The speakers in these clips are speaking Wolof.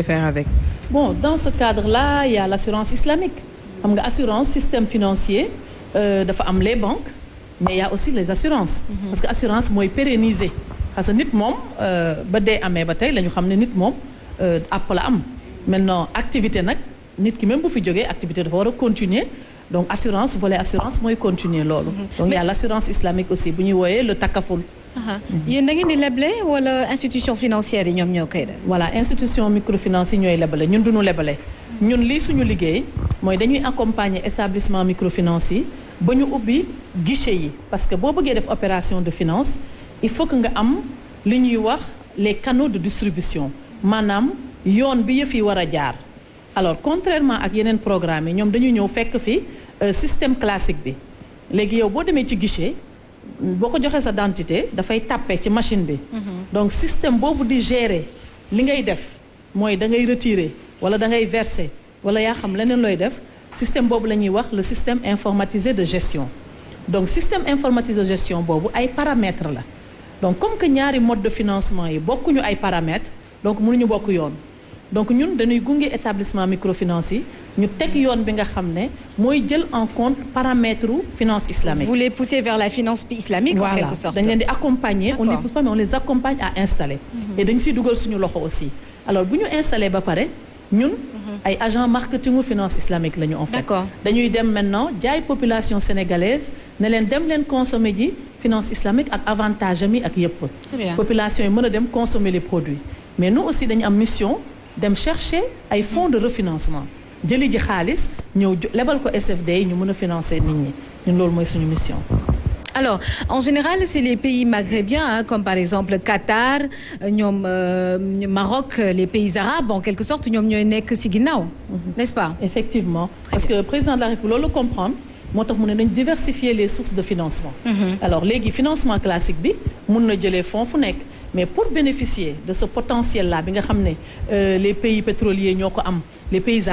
faire avec Bon, dans ce cadre-là, il y a l'assurance islamique. Xam nga assurance système financier euh, dafa am les banques mais il aussi les assurance mm parce que assurance mooy pérenniser parce que nit moom euh, ba dee amee ba tey la ñu xam ne nit moom àpp euh, la am maintenant activité nag nit ki même bu fi jógee activité dafa war a continuer donc assurance volet assurance mooy continuer loolu mhm. donc il y a l'assurance islamique aussi bu ñuy wooyee le takaful yéen da ngeen di leble wala institution financière yi ñoom ñoo koy def. voilà institution microfinance yi ñooy lebale ñun duñu lebale. ñun lii suñu liggéey mooy dañuy accompagner établissement microfinance yi ba ñu ubbi guichet yi parce que boo bëggee def opération de finance il faut que nga am li ñuy wax les canaux de distribution maanaam yoon bi yëf yi war a jaar. alors contrairement ak yeneen programme yi ñoom dañu ñëw fekk fi euh, système classique bi léegi yow boo demee ci guichet. boo ko joxee sa dentité dafay tàppe ci machine bi. donc système boobu di gérer li ngay def mooy da ngay retirer wala da ngay verser wala yaa xam leneen looy def système boobu la ñuy wax le système informatisé de gestion. donc système informatisé de gestion boobu ay paramètre la donc comme que ñaari mode de financement yi bokkuñu ay paramètres donc mënuñu bokk yoon donc ñun dañuy gunge établissement microfinance yi. ñu teg yoon bi nga xam ne mooy jël en compte paramètre finance islamique. vous les poussez vers la finance islamique. en quelque sorte voilà dañ leen di accompagner. on les pousse pas mais on les accompagne à installer. Mhm. et dañ siy dugal suñu loxo aussi. alors bu ñu installé ba pare ñun. Mhm. ay agent marketing ou finance islamique la ñu en fait. dañuy dem maintenant jaay population sénégalaise ne leen dem leen consommer ji finance islamique ak avantage am ak yëpp. population yi mën a dem consommer les produits mais nous aussi dañu am mission dem chercher ay fonds de refinancement. jëli ji xaalis ñëw lebal ko SFD yi ñu mën a financer nit ñi ñun loolu mooy suñu mission. alors en général c'est les pays maghrébiens hein, comme par exemple Qatar ñoom euh, Maroc les pays arabes en quelque sorte ñoom ñooy nekk ci ginnaaw. Mhm. n'est-ce pas. effectivement parce que président de la République loolu comprendre moo tax mu ne nañ diversifier les sources de financement. Mm alors léegi financement classique bi mun na jëlee fonds fu nekk. mais pour bénéficier de ce potentiel bi nga xam ne euh, les pays pétroliers ñoo ko am les pays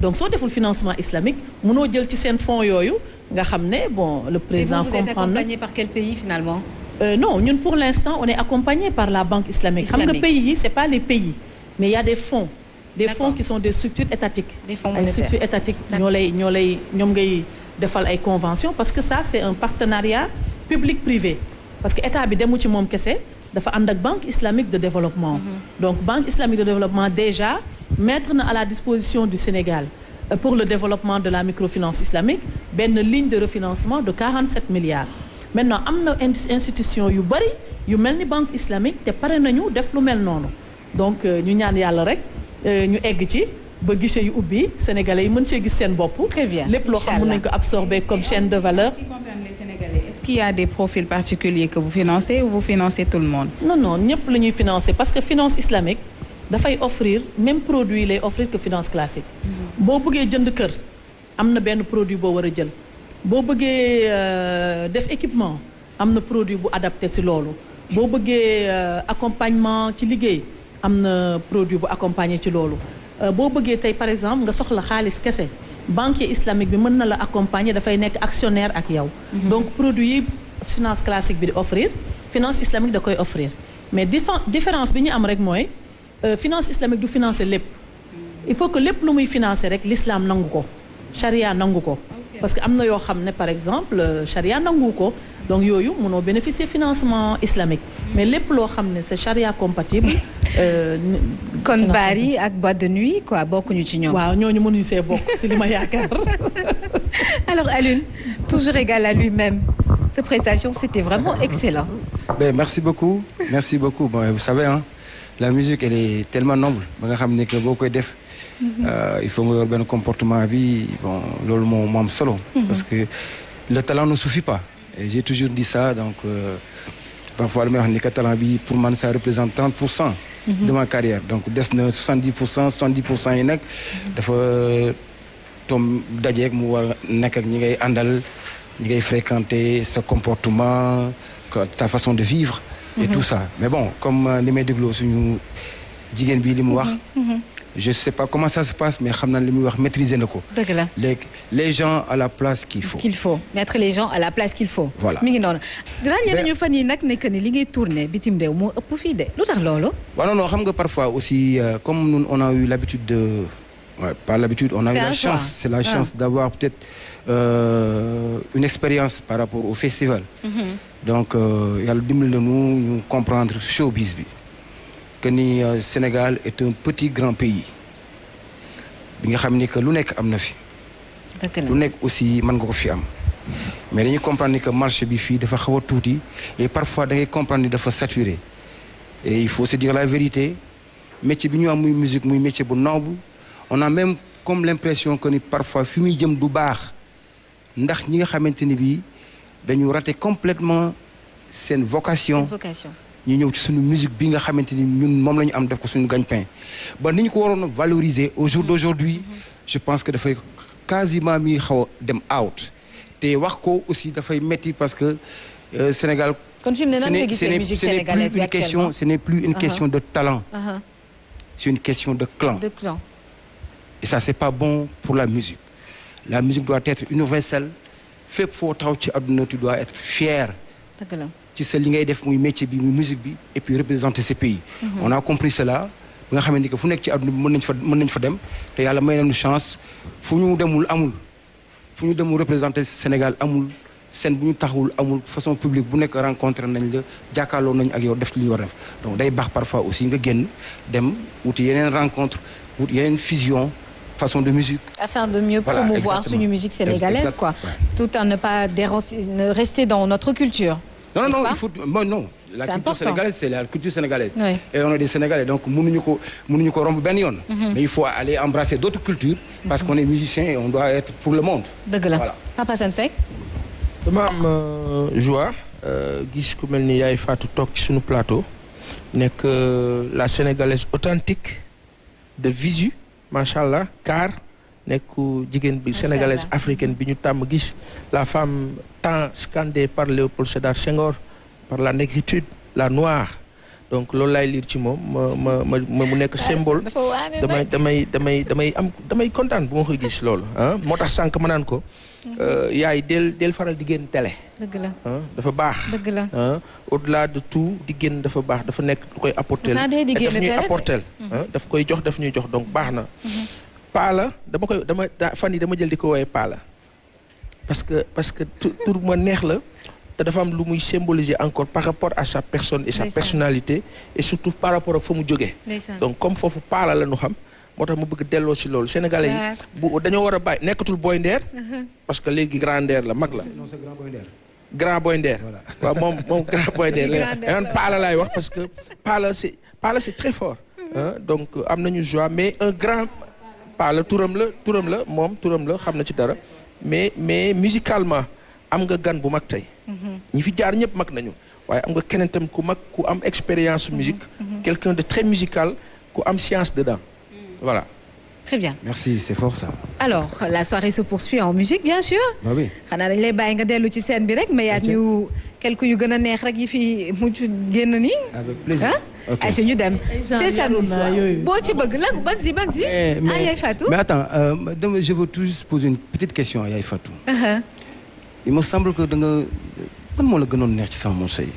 donc soo deful financement islamique mënoo jël ci seen fonds yooyu nga xam ne bon le président. comprendre vous êtes accompagné par quel pays euh, ñun pour l'instant on est accompagné par la banque islamique. xam nga pays yi c'est pas les pays mais il y a des fonds. des fonds qui sont des structures étatiques. des fonds monétaires ay étatiques ñoo lay ñoo lay ñoom ngay defal ay convention parce que ça c'est un partenariat public privé parce que état bi demu ci moom kese dafa ànd ak banque islamique de développement. Mm-hmm. donc banque islamique développement déjà. mettre na à la disposition du Sénégal euh, pour le développement de la microfinance islamique benn ligne de refinancement de 47 milliards maintenant am na institution yu bëri yu mel ni banque islamique te pare nañu def lu mel noonu donc euh, ñu ñaan yàlla rek euh, ñu egg ci ba guichet yu ubbi sénégalais yi mën cee gis seen bopp. lép bien loo xam nañu ko absorber comme chaîne de valeur. il y a des profils particuliers que vous financez ou vous financez tout le monde? Non, non, ñëpp ñuy financer parce que finance islamique dafay offrir même produit lay offrir que finance classique. boo bëggee jënd kër am na benn produit boo war a jël. boo bëggee euh, def équipement am na produit bu adapté si loolu. boo bëggee euh, accompagnement ci liggéey am na produit bu accompagné ci loolu. Euh, boo bëggee tey par exemple nga soxla xaalis kese banque islamique bi mën na la accompagner dafay nekk actionnaire ak yow. Mhm. donc produit yi finance classique bi di offrir finance islamique da koy offrir mais différence bi ñu am rek mooy. Euh, finance islamique du financer lépp il faut que lépp lu muy financer rek l'islam nangu ko charia nangu ko parce que am na yoo xam ne par exemple charia euh, nangu ko donc yooyu mënoo bénéficier financement islamique mais lépp loo xam ne c'est charia compatible euh, kon baar yi ak boîte de nuit quoi bokkuñu ci ñoom waaw ñooñu mënuñu see bokk si li ma yaakaar alors Alioune toujours égal à lui-même cette prestation c'était vraiment excellent ben beaucoup merci beaucoup bon vous savez hein la musique elle est noble ba nga xam ni que boo koy def. Mhm. Euh, il faut nga yor benn comportement bi loolu moo moo solo. Mhm. parce que le talent ne suffit pas. et toujours di ça donc euh, parfois damay wax ni que talent bi pour man ça représente pour cent. Mhm. de ma carrière donc des na 70 pour cent 70 pour cent yi nag. dafa tom dajeeg mu war a nekk ñi ngay àndal ñi ngay fréquenter sa comportement ta façon de vivre. e tout ça mais bon comme euh, li may dégloo suñu jigéen bi li mu wax. Mhm, mhm. je sais pas comment ça se passe mais xam naa li mu wax maîtriser na ko. dëgg la les les gens à la place qu'il faut. mettre les gens à la place qu'il faut. voilà mi li ngay tourné bitim réew moo ëpp fii de lu tax loolu. waaw non non xam nga parfois aussi euh, comme nous on a eu l'habitude de. Ouais, par l'habitude, on a eu la choix. chance, c'est la ah. euh, une expérience par rapport au festival. Mm-hmm. Donc, euh, yàlla dimbali na mu ñu comprendre showbiz bi que ni euh, Sénégal est un petit grand pays bi nga xam ni que lu nekk am na fi. lu nekk aussi mën nga ko fi am. mais dañuy comprendre ni que marché bi fii dafa xaw tuuti et parfois da comprendre ni dafa saturé et il faut se dire la vérité métier bi ñu am muy musique muy métier bu noble. on a même comme l'impression que ni parfois fi muy jëm du baax ndax ñi nga xamante ni bii dañu raté completement seen vocation vocation ñu ñëw ci suñu musique bi nga xamante ni ñun moom la ñu am def ko suñu gagne-pain ba ni ñu ko waroon a valoriser au jour d'aujourd'hui mm-hmm. je pense que dafay quasiment mi xaw dem out te wax ko aussi dafay metti parce que euh, Sénégal kon fi mu ne nan nga gisee musique sénégalaise bi une uh-huh. question de talent uh-huh. c'est une question de clan de clan et ça c'est pas bon pour la musique la musique doit être universelle fépp foo taxaw ci àdduna tu dois être fier ci sa li ngay def muy métier bi mu musique bi et puis représenter ce pays mhm. on a compris cela ba nga xamante ni que fu nekk ci àdduna bi mën nañ fa mën nañ fa dem te yàlla may nañu chance fu ñu demul amul fu ñu demul représenter Sénégal amul seen bu ñu taxawul amul façon publique bu nekk rencontré nañ la jàkkaarloo nañ ak yow def li ñu war a def donc day baax parfois aussi nga génn dem wuti yeneen rencontre wuti yeneen fusion façon de musique. afin de mieux voilà, promouvoir suñu musique sénégalaise exactement. quoi. Ouais. tout en ne pas ne rester dans notre culture. non non il faut bon, non. la culture important. sénégalaise c'est la culture sénégalaise. Oui. et on est des Sénégalais donc mënuñu ko mënuñu ko romb benn yoon. Mhm. mais il faut aller embrasser d'autres cultures. parce mm -hmm. qu'on est musicien et on doit être pour le monde. dëgg la voilà Papa Sensek. dama am euh, joie euh, gis ku mel ni yaay Fatou toog ci suñu plateau nekk euh, la sénégalaise authentique de visu. macha allah car nekku jigéen bi sénégalaise africaine bi ñu tàmm gis la femme temps scandée par Léopold Sédar Senghor par la négritude la noire donc loolu laay liir ci moom ma ma ma mu nekk symbole damay damay damay damay am damay kontaan bu ma koy gis loolu ah moo tax sànq ma naan ko euh, yaay del del faral di génn télé dëgg la ah, dafa baax dëgg la ah, au delà de tout di génn dafa baax dafa nekk lu koy apporter daf ñuy mhm. ah, daf koy jox daf ñuy jox donc baax na mhm. paala dama koy dama fan yi dama jël di ko wooye paala parce que parce que tur ma neex la te dafa am lu muy symboliser encore par rapport a sa personne et sa personnalité et surtout par rapport ak fa mu jógee donc comme foofu paala la ñu xam moo tax mu bëgg delloo si loolu sénégalais yi bu dañoo war a bàyyi nekkatul Boy Nder uh-huh. parce que léegi Grand la mag la Grand Boy Nder waaw moom moom Grand Boy Nder la man paala laay wax parce que paala c'est paala c'est très fort uh-huh. donc euh, am nañu joie mais un grand paala turam la turam la moom turam la xam na ci dara mais mais musicalement am nga gan bu mag tey. Mhm. ñi fi jaar ñëpp mag nañu waaye am nga keneen ku mag ku am expérience mhm. musique. Mhm. quelqu'un de très musical ku am science dedans. Mm. voilà. très bien merci c'est fort ça. alors la soirée se poursuit en musique bien sûr. ah oui xanaa dañu nga dellu ci scène bi rek. mais yaa ñu quelques yu gën a neex rek yi fi mujj génn nii. avec plaisir ok ayca ñu c'est samedi soir boo ci bëgg lan ban si a si. ah Yaay Fatou mais attends euh, je veux tout poser une petite question à Yaay il me semble que da nga moo la gënoon neex ci sama morceau yi.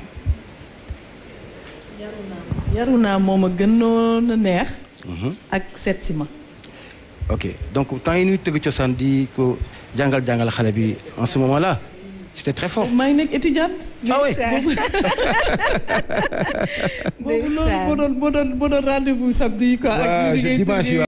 yaru moom a gënoon a neex. Mhm. ak seet si ma. ok donc temps yi ñuy tëgg cosaan di ko jàngal jàngal xale bi en ce moment là. c'était très fort maa nekk étudiante. Ah boobu noonu boo doon boo doon boo doon rendez-vous samedi quoi. ak